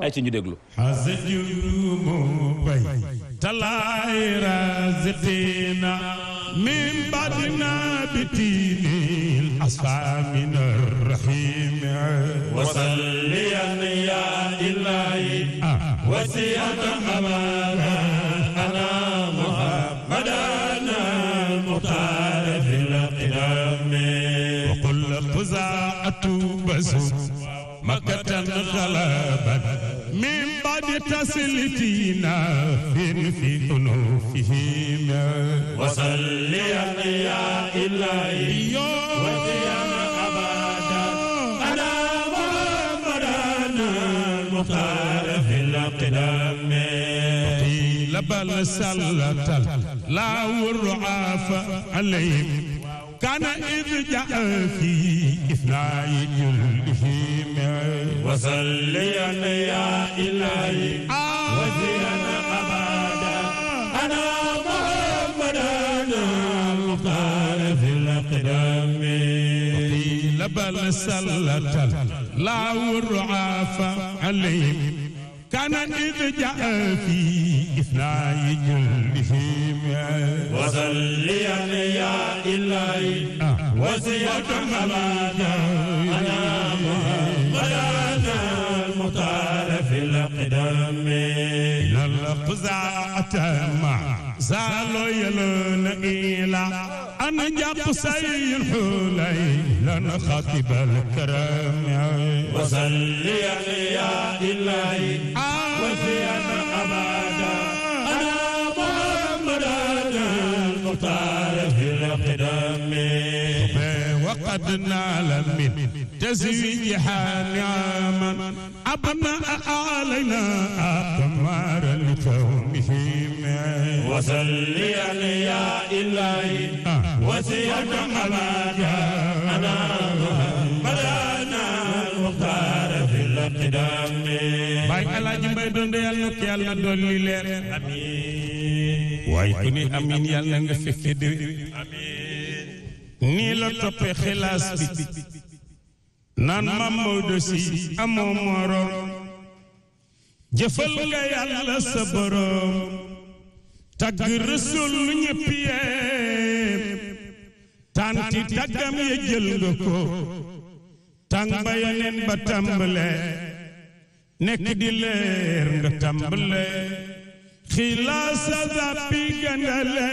ay ci ñu déglu من بعدنا بتين الأصحاب من الرحيم وصليا يا إلهي وسيا حمادا أنا محمدنا المختار في القدم وقل فزعت بسوط مكة غلابا من بعد تسليتنا فين في ذنوبهم وصلي يا إلهي وقيام أبدا على محمدنا المختار في القدم بل سلت لا والرعاف عليهم كان إذ جاء في اثنين جلهم وصليا يا إلهي آه. وزيا أبدا أنا محمد المختار في الأقدام وقيل بل لا الله الرعاف عليهم كان إذ جاء في إثناء جلهم وصليا يا إلهي آه. وزيا أبدا أنا محمد المختار في القدم إلى القزاعة مع زالوا يلون إلى أن جاب سي الحلي لن خطب الكرم وصلي يا إلهي وفي انا أبدا أنا محمد المختار في القدم وقد نال من تزويجها نعما أبناء علينا أقمار فيما وصلي يا إلهي وسيك ملاجا أنا مدانا المختار في القدام باي الله جمعي اللوك يا الله دولي لير أمين واي أمين يا الله نغفف دي أمين nii la toppe xilaas bi naan maam Maodo si amoo morom jëfal nga yàlla sa tagg rësul ñëpp yeem tànti taggam ya nga ko tàng ba yeneen ba tàmbale nekk di leer nga tàmbale xilaasa zappi gandale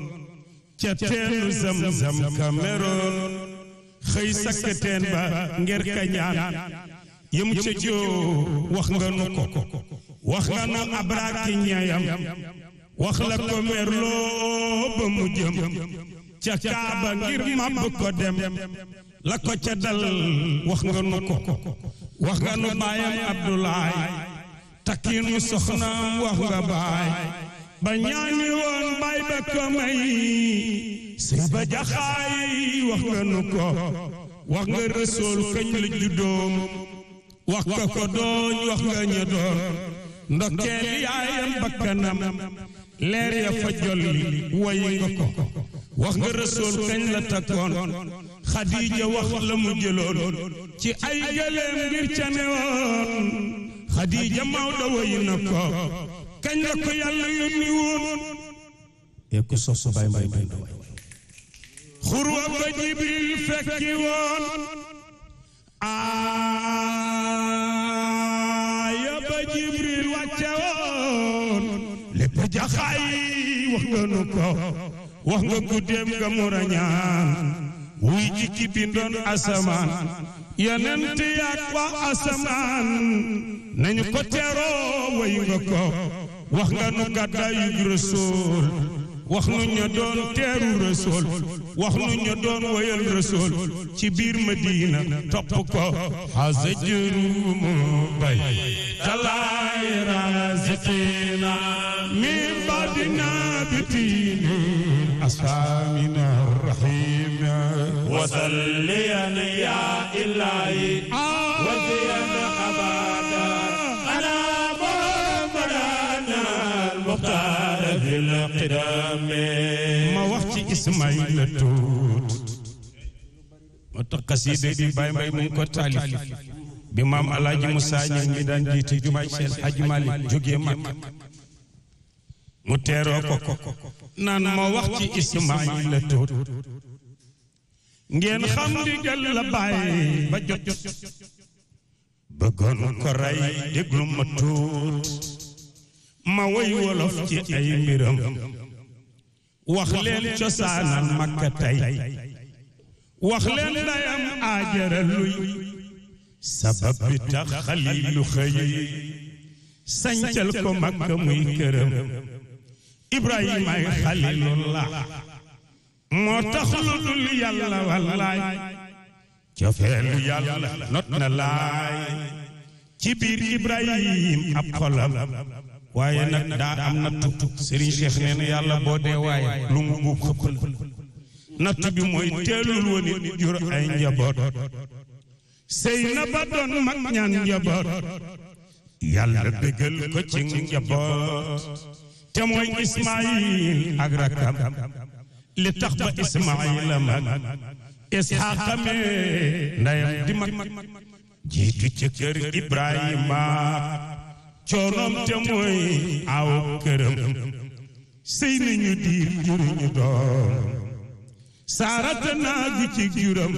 ca teenu zamzam Cameroon xëy sakk teen ba ngir ka ñaan ca joo wax nga nu ko wax nga nu abraaki ñayam wax la ko merloo ba mu jëm ca kaaba ngir màbb ko dem la ko ca dal wax nga nu ko wax nga nu baayam Abdoulaay takkiinu soxnaam wax nga baay ba ñaani ba ko may sëñ ba wax nga nu wax nga rësool kañ la juddoom wax nga ko dooñ wax nga ña doon ndokkeel yaayam bakkanam leer ya fa jolli woy nga ko wax nga rësool kañ la takkoon xadiija wax la mu jëloon ci ay gëléem ngir ca newoon xadiija Maodo woy na ko kañ la ko yàlla yónni woon e ko sosso bay mbay dund khurwa ba jibril fekki won aya ba jibril wacce won wax nga wax nga ga wuy ci bindon asaman yonent ya asaman nañu ko tero way nga ko wax nga nu rasul wax nu ñu doon teeru rasul wax nu ñu doon woyal rasul ci biir madina topp ko xasajru mu bay talaay raziqina min badina bitini asamina rahima wasalliyan ya ilahi xidaame ma wax ci Ismaayla tuut moo tax xasiida di Baay Mbay mu ngi ko taalif bi maam alaaji Musaa ñëw mi daan jiite jumaay seen Haj Malik jógee mu teeroo ko ko naan ma wax ci Ismaayla tuut ngeen xam di jël la ba jot bëggoon ko rey déglu ma tuut ما وي ولف اي ميرم وخلين تشسان مكه تاي وخلين دايام اجر لوي سبب بتا خليل خي سنجل كو مكه مي كرم ابراهيم اي خليل الله مو تخلد لي الله والله جفل يا الله نتنا لاي كبير ابراهيم ابقلم waaye nag daa am nattu Serigne Cheikh nee na yàlla boo dee waaye lu mu buub xëpp la natt bi mooy teelul woon it jur ay njaboot sëy na ba doon mag ñaan njaboot yàlla bégal ko ci njaboot te mooy Ismaayil ak rakam li tax ba Ismaayila mag Isxaaqa me ndeyam di jiitu ci kër Ibrahima coonoom te mooy aw këram sëy nañu diir juruñu saarata naagu ci juram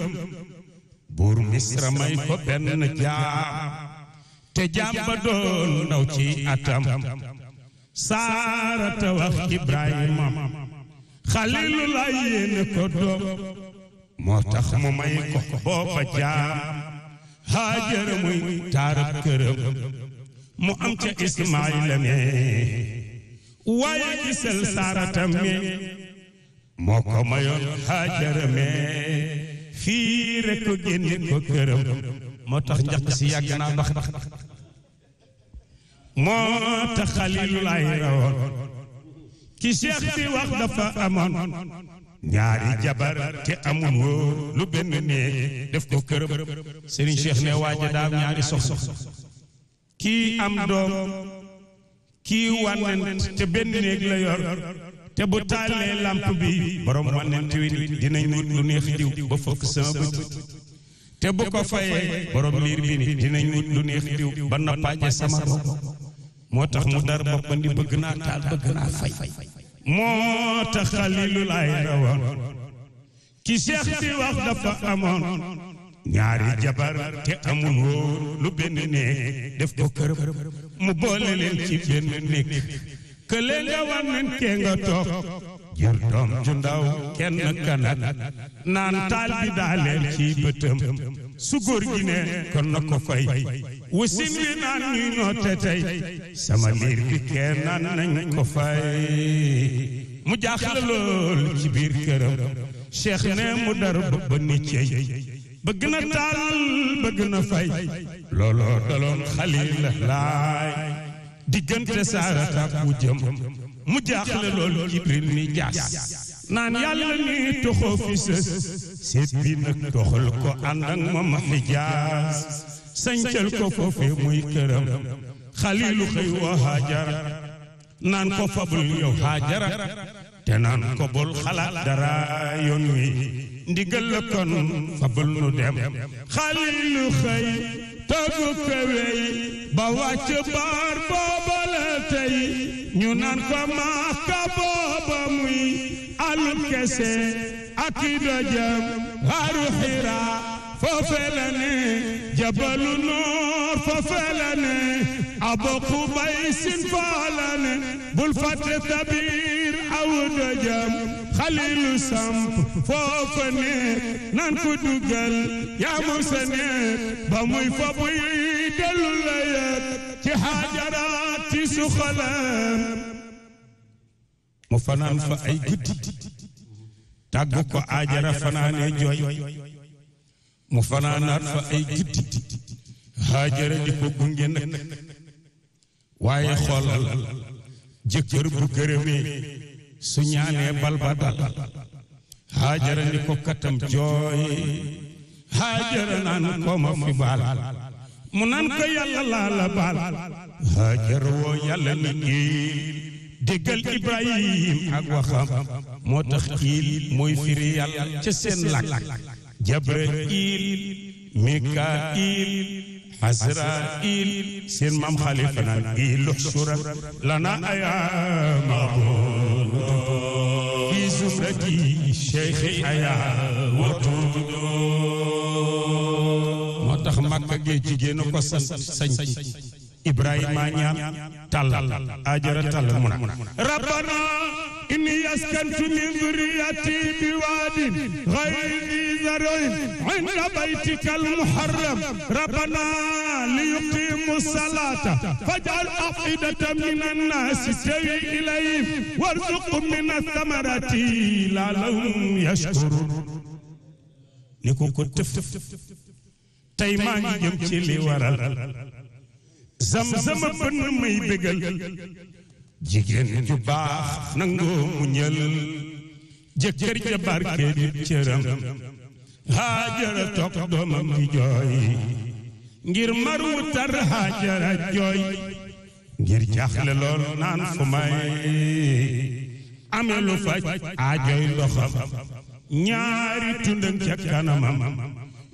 buur misra may ko benn jaam te jaam ba doon ndaw ci atam saarata wax ibrahima xalilulaa yéene ko doom moo tax mu may ko booba jaam haajara muy taarab këram mu am ca Ismaayila me waaye gisal Saarata me moo ko mayoon Haajara me fii rek ko ko këram moo tax njaq si yàgg naa bax bax moo tax Xaliilulaay rawoon ki Cheikh bi wax dafa amoon ñaari jabar te amul lu benn néeg def ko këram Serigne Cheikh ne waaja daam ñaari sox sox kii am doom kii wànnent te benn néeg la yor te bu taalee làmp bi borom wànnent wi dinañ wut lu neex diw ba fëkk sama bët te bu ko fayee borom liir bi ni dinañ wut lu neex diw ba noppaaje sama bopp moo tax mu dar boppam ni bëgg naa taal bëgg naa fay moo tax xalilu laay rawoon ki seex bi wax dafa amoon ñaari jabar te amul woon lu benn ne def ko kër mu boole leen ci benn nekk kële nga wànnen kee nga toog jër doom ju ndaw kenn kanat naan taal bi daa leen ci bëtëm su góor gi ne kon na ko fay wasin bi naan ñuy noote tey sama liir bi kee naan nañ ko fay mu jaaxle lool ci biir këram cheikh ne mu dar ba ba ni cey bëgg na taal bëgg na fay looloo daloon xalil laay diggante saarata bu jëm mu jaaxle lool jibril mi jaas naan yàlla ni toxoo fi sës seet bi nag toxal ko ànd ak moom xijaas sañcal ko foofee muy këram xalilu xëy woo hajar naan ko fabul yow haajara te naan ko bul xalaat dara yoon wi ndigal la kon fabal nu dem xalilu xëy tëggu kawey ba wàcc baar booba ñu naan ko maaka booba muy alu kese ak dojam xaaru xira foofe la jabalu noor foofe la ne aboku sin faa bul fàtte tabir aw dojam xalilu samp foofa nekk nan ko dugal yaa moom sa ba muy fa buy dellu la yëg ci xaajaraat ci suxalam mu fanaan fa ay guddi tàggu ko aajara fanaane jooy mu fanaanaat fa ay guddi haajara di ko gunge nag waaye xoolal jëkkër bu gërëmee su ñaanee bal ba dal haajara ni ko katam jooy haajara naan ko ma fi baal mu naan ko la baal haajara woo yàlla ni giil déggal ibrahim ak waxam moo tax iil mooy firi yàlla ca seen làkk jabrail mikail azrail seen maam xalifa naan iil luxsurat lana ayamahu sëki Cheikh Aya watudo moo tax Makka gee jigéen ko sant sañ Ibrahima ñaan tàllal ajara tàllal mun a rabbana إني أسكنت من ذريتي بواد غير ذي عند بيتك المحرم ربنا ليقيموا الصلاة فاجعل أفئدة من الناس تهوي إليهم وارزقهم من الثمرات لعلهم يشكرون نكو كنت تيمان يمشي لي ورا زمزم بن مي zam jigéen ju baax nangoo mu ñël jëkkër ja barke di cëram haajara toog di jooy ngir maru tar haajara jooy ngir jaaxle lool naan fu may amee lu faj aajoy ñaari tundam ca kanamam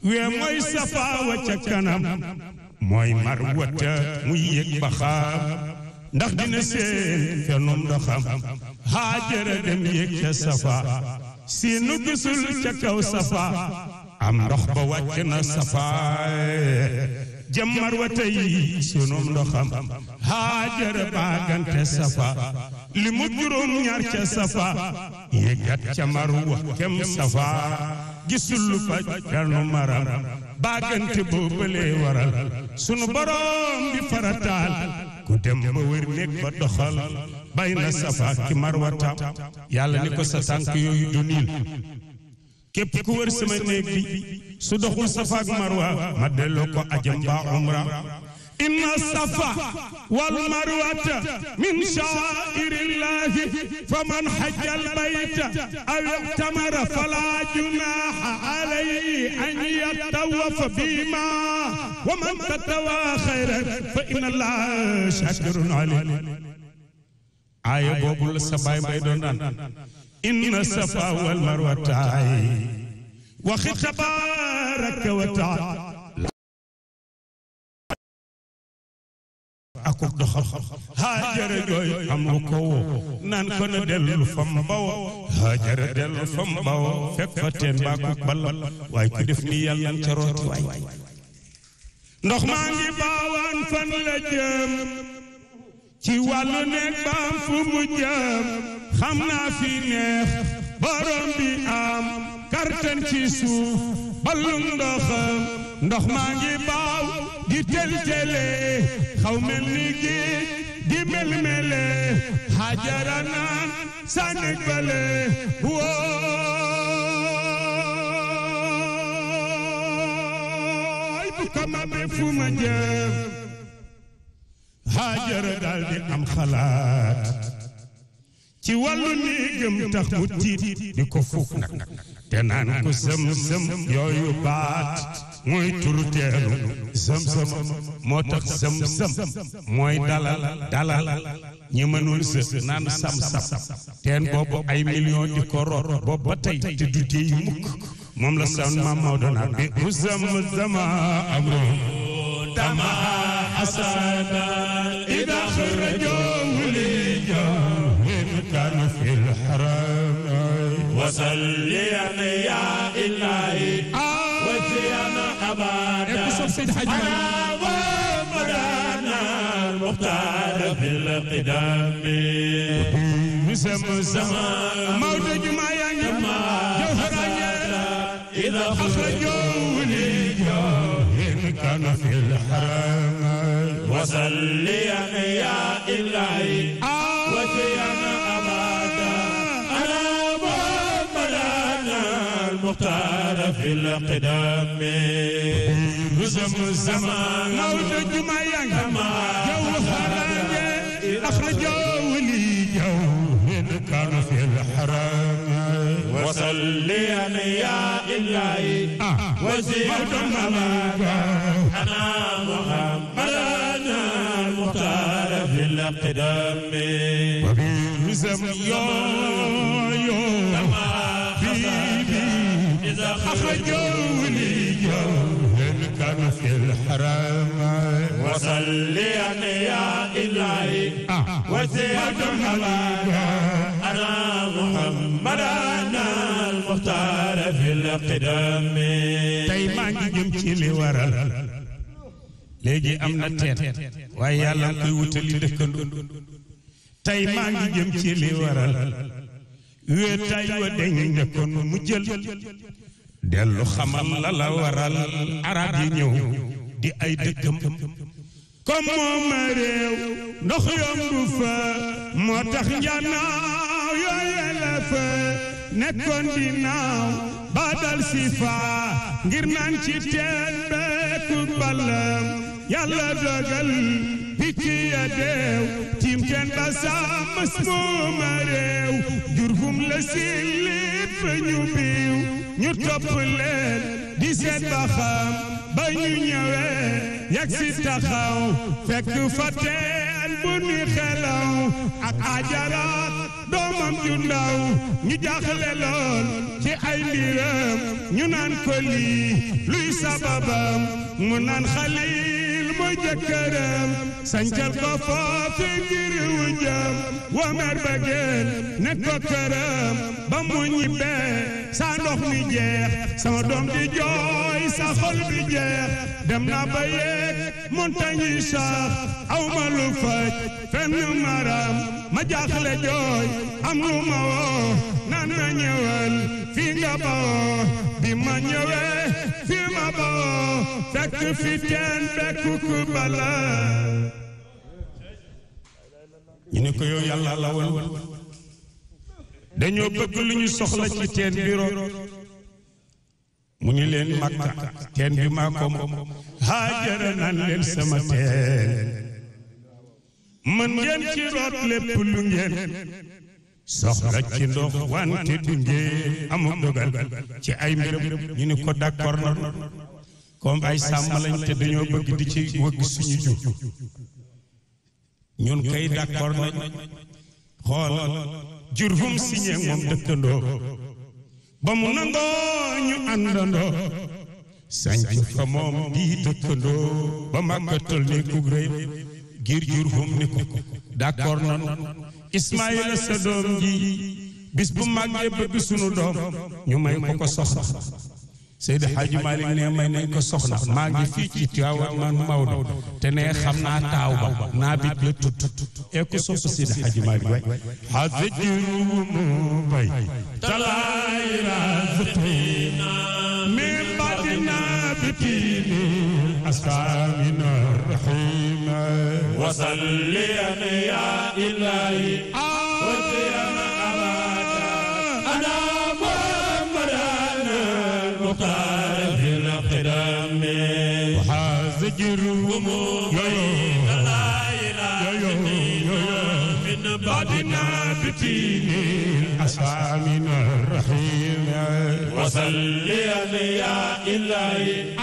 wee mooy safaawa ca kanam mooy mar wata muy yëg ba ndax dina seen fenum ndoxam haajara dem yéeg ca safa si nu gisul ca kaw safa am ndox ba wàcc na safa jëm marwata yi sunum ndoxam haajara baagante safa li mu juróom ñaar ca safa yéegat ca marwa kem safa gisul lu fa jarnu maram baagante boobalee waral sunu borom bi farataal ku dem ba wër néeg ba doxal bay na safa ki marwata yàlla ni ko sa tànk yooyu du niil képp ku wër sama néeg bi su doxul safa ak ma delloo ko ajam umra إن الصفا والمروة من شعائر الله فمن حج البيت أو اعتمر فلا جناح عليه أن يتوف بما ومن تتوى خيرا فإن الله شاكر عليه آية بوبو لسباي بيدنا إن الصفا والمروة وخطبارك وتعالى akub doxam haajara jooy amu ko woo naan ko na dellu fam mbawa haajara dellu fam mbawa fekk fa teen baakuk ballam waaye ku def ni yàlla ca rooti waay ndox maa ngi fan la ci wàllu nekk baam fu mu xam naa fi neex borom bi am kartan ci suuf ballum ndoxam ndox maa ngi baaw di tel tele ni géej di mel mele xaajara naan sa nekk bale wooy bu ko ma daal di am xalaat ci wàllu néegam tax mu tiit di ko fukk nag te naan ko sëm-sëm yooyu baat mooy turu teelu sëm-sëm moo tax sëm-sëm mooy dalal dalal ñi mënul sës naan sam-sam teen boobu ay million di ko boobu ba te du déey mukk moom la san maam Maodo naan bi bu sëm-sama amro tama asada وسليا يا إلهي وسليا أبدا على مولانا المختار في القدام زمزم موت جمايا جوهرا إذا أخرجوني إن كان في الحرام وسليا يا إلهي آه. وسليا المختار في القدام زمزم مولد جو خرج أخرجوا لي جوهر كان في الحرام أنا يا إلهي آه. وزير الملائكة أنا محمد المختار في الأقدام وبيزم يا يوم أخرجوني جوه كان في الحرام وصليا يا إلهي وزيد الحمام أنا محمد أنا المختار في القدم تيمان جمتي لورا léegi am na teet waaye yàlla nga koy wutali dëkkandoo tey maa ngi jëm ci li waral wéetaay wa deñ nekkoon mu jël dellu xamal la waral arab yi ñëw di ay dëkkam comme ma réew ndox yombu fa moo tax njanaaw yooye la fa nekkoon dinaaw ba dal si ngir naan ci teen beeku ballam yàlla dogal picc ya deew tiim teen ba sàmm mooma réew jur gum la si lépp ñu biiw ñu topp leen di seet ba ba ñu ñëwee yegg si taxaw fekk fa teen bu ni xelaw ak ajara doomam ju ndaw ñu jaaxle lool ci ay mbiram ñu naan ko lii luy sababam mu naan xali ba jëkkëram sancal ko foofi ngir wu jëm wa mer ba gën ne ko këram ba mu ñibbee saa ndox mi jeex doom di jooy sa xol dem na ba yeeg sax aw ma faj fenn maram ma jaaxle jooy am lu ma na ñëwal fi nga bawoo bi ma ñu ne ko yow yàlla la woon dañoo bëgg ñu soxla ci teen bi ro mu ni leen makka teen bi maa ko moom haajara leen sama teen mën ngeen ci root lépp lu ngeen soxla ci ndox wante du ngee amul dogal ci ay mbiram ñu ni ko d'accord na comme ay sàmm lañ te dañoo bëgg di ci wëgg suñu ñun kay d'accord nañ xoolal jur hum signé moom dëkkandoo ba mu nangoo ñu àndandoo sanc fa moom di dëkkandoo ba màggatal ne ku ngir jur hum ni ko d'accord nañ Ismaayila sa doom ji bis bu màggee bëgg sunu doom ñu may ko ko soxna Seydi Hadji Malick ne may nañ ko soxna maa fii ci Tiwaawan man Maodo te ne xam naa taaw ba naa bi la e ko sopp Seydi Hadji Malick waay hazikirumu bay talaay razqina min badina bi أسامنا الرحيم وصليا يا إلهي وصليا أباك أنا محمد المختار في القدام وحازجر يا من بعدنا بتين أسامنا الرحيم وصليا يا إلهي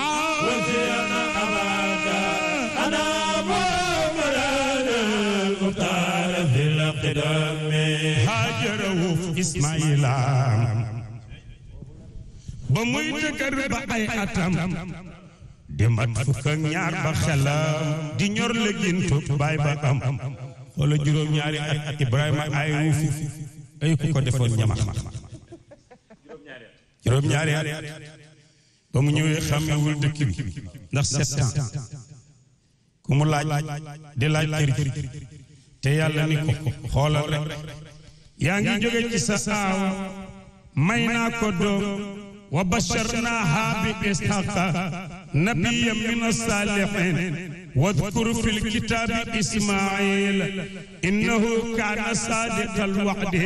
haajara wuuf ismaila ba muy jëkkër ba ay atam di mat fukk ak ñaar ba xelam di ñor la gintu baay ba am wala juróom ñaari at ibrahima ay wuuf ay ku ko defoon ñamax juróom ñaari at ba mu ñëwee xàmmewul dëkk bi ndax sept ans ku mu laaj di laaj kër gi te yàlla ni ko xoolal rek yaa jóge ci sa aaw may ko doom wa basharnaaha bi ishaqa nabiya min asalihin واذكر في الكتاب إسماعيل إنه كان صادق الوعد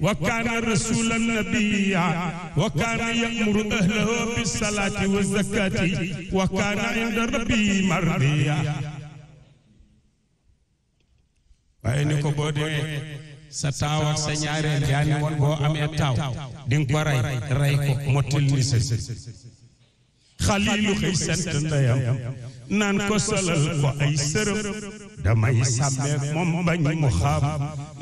وكان رسولا نبيا وكان يأمر أهله بالصلاة والزكاة وكان عند ربي مرضيا waaye ni ko boo demee sa taaw ak sa ñaareel yaa ni woon boo amee taaw di nga ko rey rey ko mottil ni sa xaliilu xëy sant ndeyam naan ko solal ko ay sërëm damay sàmmeek moom bañ mu xam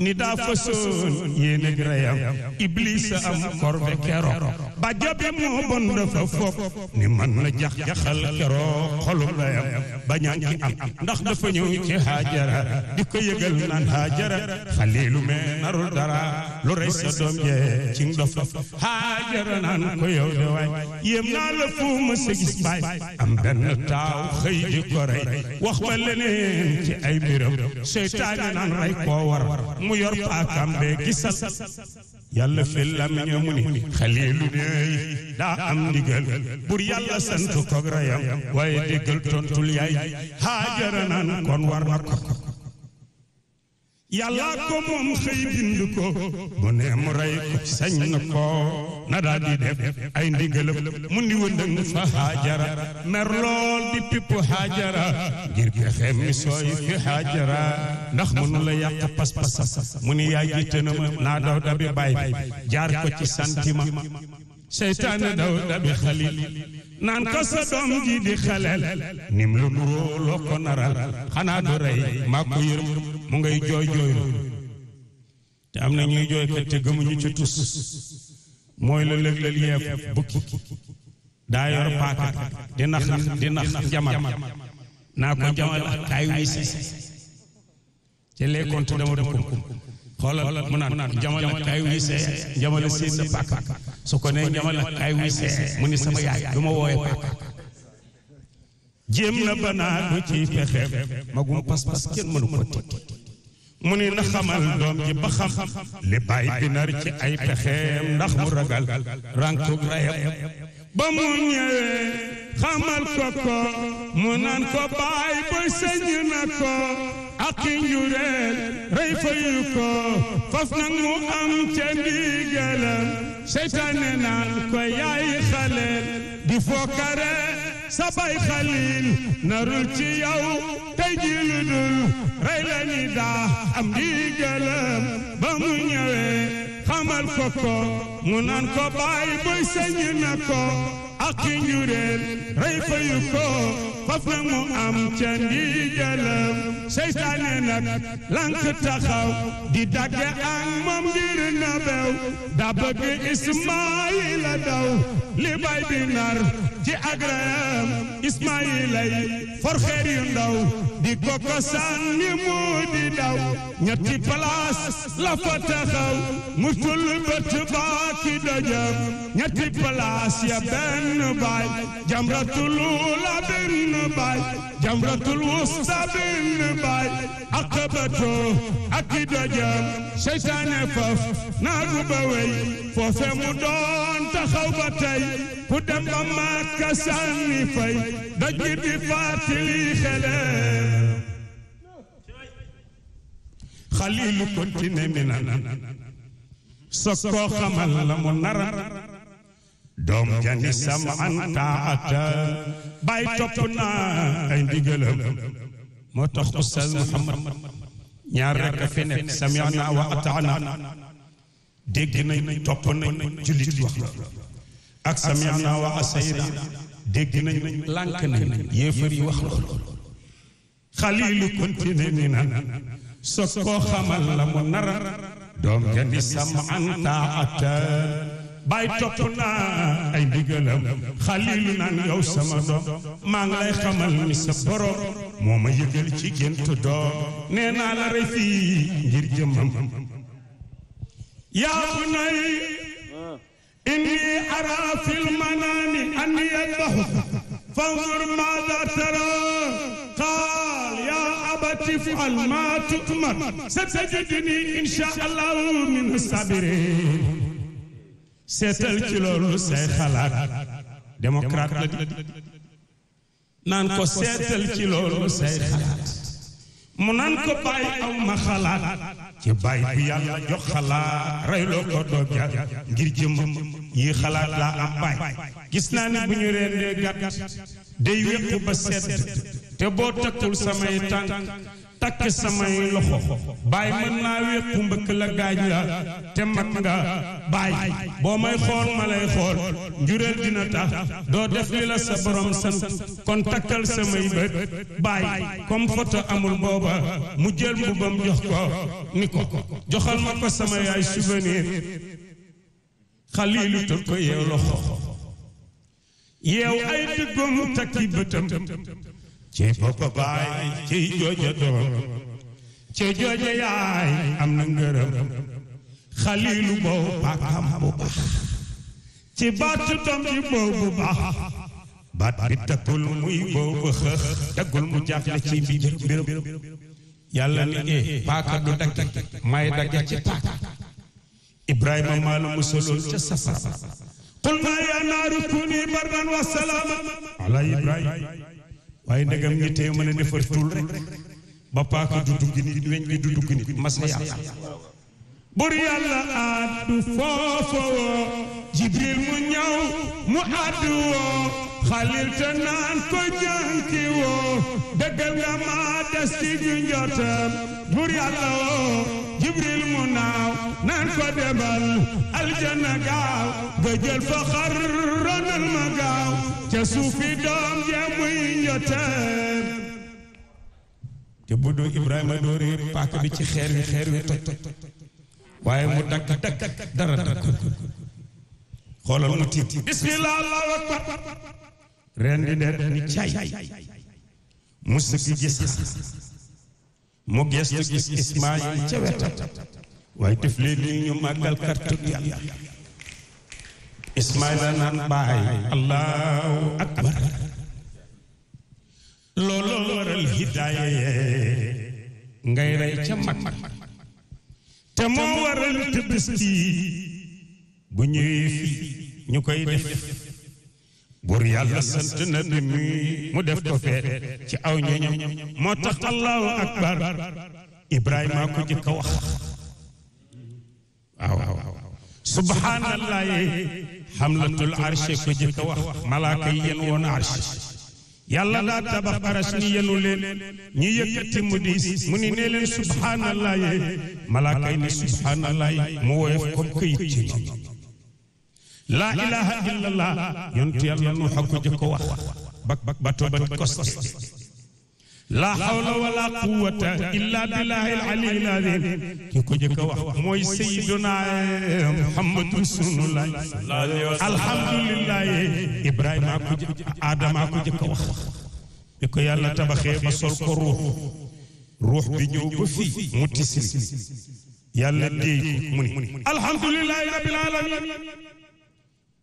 ni daa fasoon yéen ak reyam iblis am korbe keroog ba jabi moo bon dafa foog ni man la jax jaxal keroog xolu reyam bañaan ki am ndax dafa ñëw ci haajara di ko yëgal naan haajara xaliilu mee narul dara lu rey sa doom jee ci dof haajara naan ko yow de waay yéem naa la fu ma sa gis am benn taaw xëy di ko rey wax ma leneen ci ay ay mbiram seytaane naan rey koo war mu yor paakaam bee gisal yàlla fil lamiña mu ni xaliilu neey daa am ndigal bur yàlla sant ko reyam waaye déggal tontul yaay haajara naan kon war na ko yàllaa ko moom xëy bind ko bu nee mu rey sañ na ko na daal di def ay ndigalam mu ni wëndëng fa xaajara mer lool di pipp xaajara ngir pexe mi sooy fi xaajara ndax mënu la yàq pas-pasam mu ni yaay jiite na ma naa daw dabi bàyyi jaar ko ci santiment seytaane daw dabi xalil naan ko sa doom ji di xelel nim lu nuroo loo ko naral xanaa du rey maa ko yërëm mu ngay jooy jooylu te am na ñuy jooykat te gëmuñu ci tus mooy la lëg-lëg yeef bukki daa yor paaka di nax di nax njamal naa ko jamal kaay wisi te dama du kum Kolal munan jamal ak kay wissé jamal seen pak su ko ne jamal ak kay wissé mu ni sama yaay duma woyé pak jéem na banaa du ci pexe magum pas-pas kenn mënu ko tekki mu ni na xamal doom ji ba xam li bàyyi bi nar ci ay pexeem ndax mu ragal rànkub rayam ba mu ñëwee xamal ko ko mu naan ko bàyyi ba sëñ na ko ak i njureel rey fayu ko faf nag mu am ca ndigalam seytaane naan ko yaay xaleel di fookare sa bay xaliil narul ci yow tey ji dul rey la ni daa am ndigalam ba mu ñëwee xamal ko ko mu naan ko baay boy sañu na ko ak i njureel rey fayu ko faf na mu am ca ndigalam seytaane nag lank taxaw di dagge ak moom ngir na bew da bëgg Ismaayila daw li bay bi nar ci agrayam Ismaayilay for xeer yu di koko sànni mu di daw ñetti palaas la fa taxaw mu tul bët baa ki dojam ñetti palaas ya benn baay jamratul la benn بن باي جمرة الوسطى بن باي عقبته أكيد جام شيطان فف نارو بوي فوفي مدون تخوبتي قدام مكة ساني في دجدي فاتلي خلال خليل كنت نمنا سكو خمال لمنرا doom jani sam anta ata bàyyi topp naa ay ndigalam moo tax oustaz Mouhamad ñaar rek a fi nekk samiana wa ataana dégg nañ topp nañ jullit wax ak samiana wa asayna dégg nañ lànk nañ yéefar yi wax lool xalilu continue ni na so xamal la mu nara doom jani sam anta ata bàyyi topp naa ay ndigalam xalilu naan yow sama doom lay xamal ni sa moo ma yëgal ci gént doom nee la rey fii ngir jëmmam yaa bunay inni ara fil manaami anni yadbahu fanzur maada tara qaal yaa abati fal maa tu'mar satajidni insha allahu min sabirin seetal ci loolu ko seetal ci loolu say xalaat mu naan ko bàyyi aw xalaat ci bàyyi bu yàlla jox xalaat reyloo ko doom ja ngir jëm yi xalaat laa am bàyyi gis naa ni bu ñu rendee gàtt day wéqu ba sedd te boo takkul samay tànk takk samay loxo baay mën naa wékku mbëkk la gaaj la te mag nga baay boo may xool ma lay xool njureel dina tax doo def li la sa borom sant kon takkal samay bët baay comme photo amul booba mu jël mbubam jox ko ni ko joxal ma ko sama yaay souvenir xaliilu tël ko yeew loxo yeew ay dëggum takki bëtam ci boppa baay ci jooja doon ci jooja yaay am na ngërëm xaliilu boobu baakam bu baax ci baatu tam baax baat bi takkul muy boobu xëx daggul mu jaaxle ci mbiram yàlla ni ee paaka du dagg may dagg ci paaka ibrahima maalu musalool ca safara qul naa yaa naaru kuni bardan wa salaaman ala ibrahima waaye ndegam ñi mën a defar tul rek ba paaka du dugg weñ gi du dugg nit mas na yàlla bur yàlla addu foofa woo jibril mu ñaw mu addu woo xalil te naan ko jànki woo dëggal nga maa des ci ju njootam bur woo jibril mu naaw naan ko debal aljana gaaw ga jël fa xar ronal ma gaaw ca suufi doom ja muy njoteem te bu doo ibrahima doore paaka bi ci xeer wi xeer wi toj waaye mu dakk dakk dara dakk xoolal mu tiit bismillah allahu akbar ren di ne ni caay mu sëkk gis mu gestu gis Ismaayil ca wetam waaye def leen ñu màggal kat tudd yàlla Ismaayila naan baay allahu akbar loolu waral hidaaya ngay rey ca mag te moo waral tëbëski bu ñuy fi ñu koy def buur yàlla sant na bi mu def ko fee ci aw ñoñam moo tax allahu akbar ibrahima ko jëkk a wax waaw waaw subhaanallahi hamlatul arshi ko jëkk a wax malaaka yen woon arshi yàlla daa tabax aras ni yenu leen ñi mu diis mu ni nee subhaanallahi malaaka yi subhaanallahi mu woyof comme këyit ci ñoom laa ilaha illallah yontu yàlla nu xa ko jëkk wax bak bak bato ban koste laa xawla wala quwata illa billahi alali lazim ki ko jëkk wax mooy sayiduna muhammadu rasulullah alhamdulilahi ibrahima ko jëkk adama ko jëkk wax bi ko yàlla tabaxee ba sol ko ruux ruux bi ñëw ba fii mu tisili yàlla déy ko mu ni alhamdulilahi rabbil alamin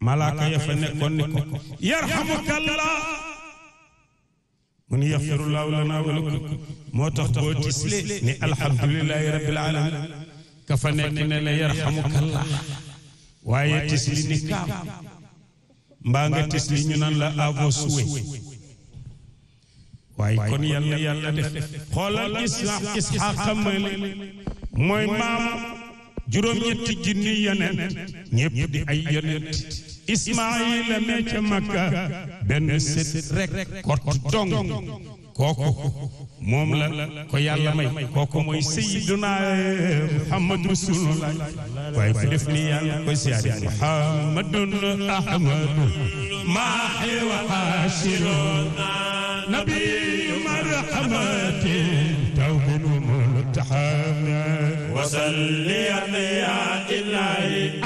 malaaka ya fa nekkoon ni ko yarhamukallah mu ni yaxfirullahu tax boo tislee ni alhamdulilahi rabbil alamin ka fa nekk ne la yarhamukallah waaye tisli ni kaam mbaa nga tisli ñu naan la à vos souhaits waaye kon yàlla yàlla def xoolal islam isxaqa mooy maam juróom-ñetti junni yonent ñépp ay yonent Ismaayila mee ca Makka benn set rek kott dong kooku moom la ko yàlla may kooku mooy Seydina Muhammad Rasulullah waaye fu def ni yàlla ko siyaare Muhammadun Ahmadu maaxi wa xaasiro nabi marhamati tawbin multaxama wasalli ya ilahi